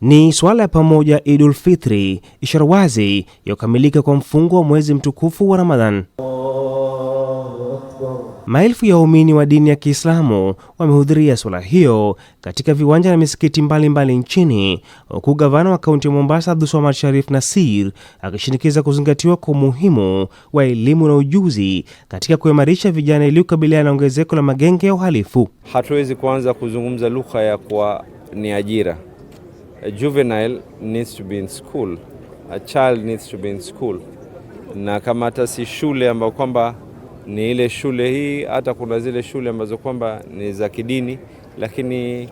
Ni swala ya pamoja Idul Fitri, ishara wazi ya kukamilika kwa mfungo wa mwezi mtukufu wa Ramadhan. Maelfu ya waumini wa dini ya Kiislamu wamehudhuria swala hiyo katika viwanja na misikiti mbalimbali nchini, huku gavana wa kaunti ya Mombasa Abdulswamad Sharif nasir akishinikiza kuzingatiwa kwa umuhimu wa elimu na ujuzi katika kuimarisha vijana ili kukabiliana na ongezeko la magenge ya uhalifu. Hatuwezi kuanza kuzungumza lugha ya kuwa ni ajira. A juvenile needs to be in school. A child needs to be in school, na kama hata si shule ambayo kwamba ni ile shule hii. Hata kuna zile shule ambazo kwamba ni za kidini, lakini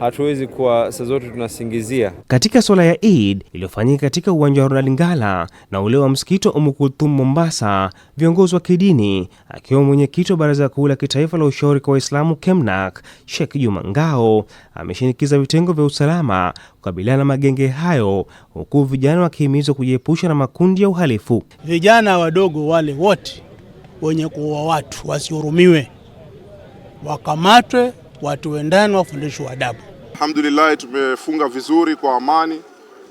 hatuwezi kuwa saa zote tunasingizia. Katika swala ya Eid iliyofanyika katika uwanja wa Ronald Ngala na ule wa msikiti wa Umm Kulthum Mombasa, viongozi wa kidini akiwa mwenyekiti wa Baraza Kuu la Kitaifa la Ushauri kwa Waislamu KEMNAK Sheikh Juma Ngao ameshinikiza vitengo vya usalama kukabiliana na magenge hayo, huku vijana wakihimizwa kujiepusha na makundi ya uhalifu. Vijana wadogo wale wote wenye kuua watu wasihurumiwe, wakamatwe, watiwe ndani, wafundishwe adabu. Alhamdulillah, tumefunga vizuri kwa amani.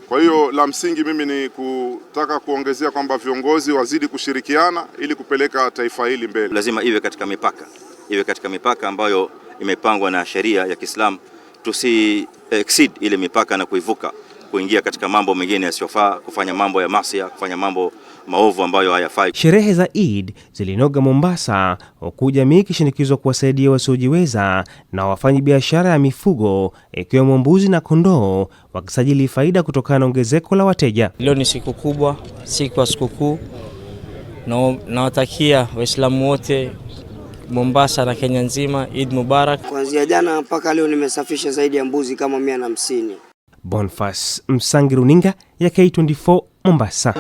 Kwa hiyo la msingi mimi ni kutaka kuongezea kwamba viongozi wazidi kushirikiana ili kupeleka taifa hili mbele. Lazima iwe katika mipaka, iwe katika mipaka ambayo imepangwa na sheria ya Kiislamu, tusi eh, exceed ile mipaka na kuivuka kuingia katika mambo mengine yasiyofaa, kufanya mambo ya masia, kufanya mambo maovu ambayo hayafai. Sherehe za Eid zilinoga Mombasa, huku jamii ikishinikizwa kuwasaidia wasiojiweza na wafanyi biashara ya mifugo ikiwemo mbuzi na kondoo wakisajili faida kutokana na ongezeko la wateja. Leo ni siku kubwa, siku ya sikukuu. Nawatakia Waislamu wote Mombasa na Kenya nzima Eid Mubarak. Kuanzia jana mpaka leo nimesafisha zaidi ya mbuzi kama mia na hamsini bonfas Msangi, runinga ya K24 Mombasa.